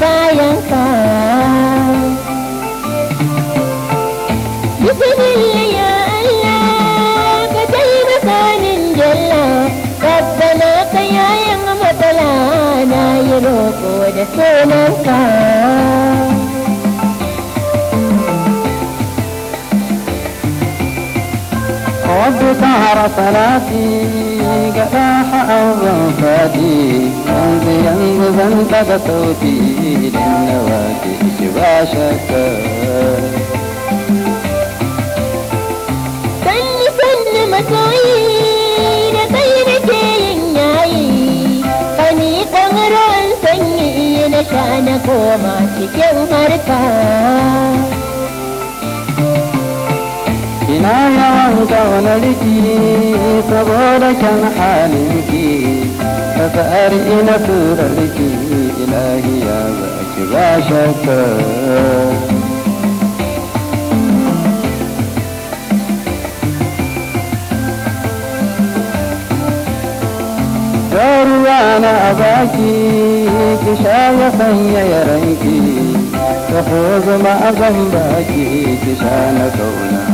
bayangkan Bismillah ya Allah Katai masanin jalla Rabbana kaya yang matalana Yiroko da sunanka رب سهر صلاتي kaɗa ha'azan fadi yanzu yanzu zan daga sauti idan na shi ba shakka sanni sanni masoyi da kai nake yin yayi kani ɗan ruwan sanyi na sha na koma cikin harka na yawan ƙaunarki saboda kyan halinki ta sa'ar ina turarki ilahi za ki ba shakka ruwa na abaki ki sha sanya yaranki ta ko zama a baki ki sha na kauna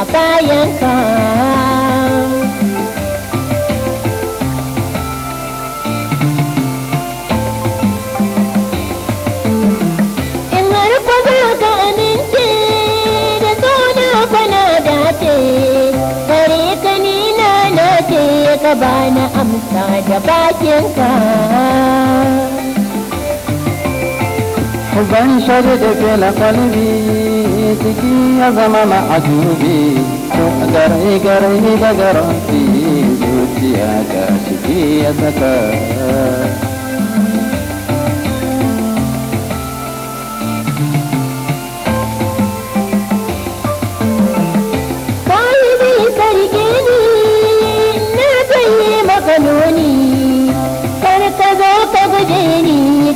a bayan bayanka in har ku ka amince da zauna kwana dace gare ka ni na nace ka bani amsa da bakin bakinka ban shari da fela kwalbi ciki ya zama ma'adubi to garai garai da garanti zuciya ga ciki ya saka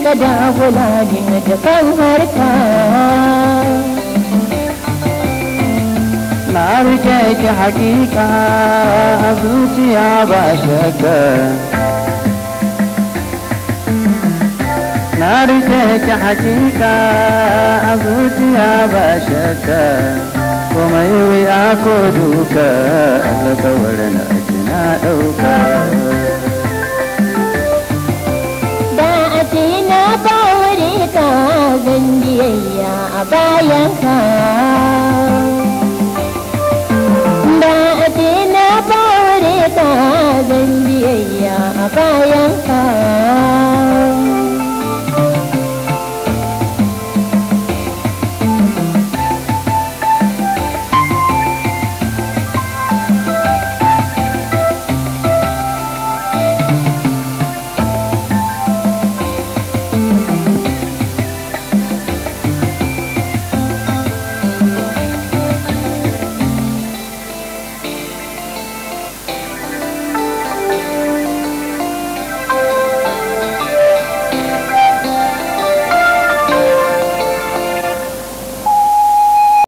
تداول لمتكبرتها na rike ki hakika a zuciya ba shakka na rike ki hakika a zuciya ba shakka kuma yi wuya ko duka alkawarin na ɗauka biyayya a bayanka ba a ce na fare ka zan biyayya a ka.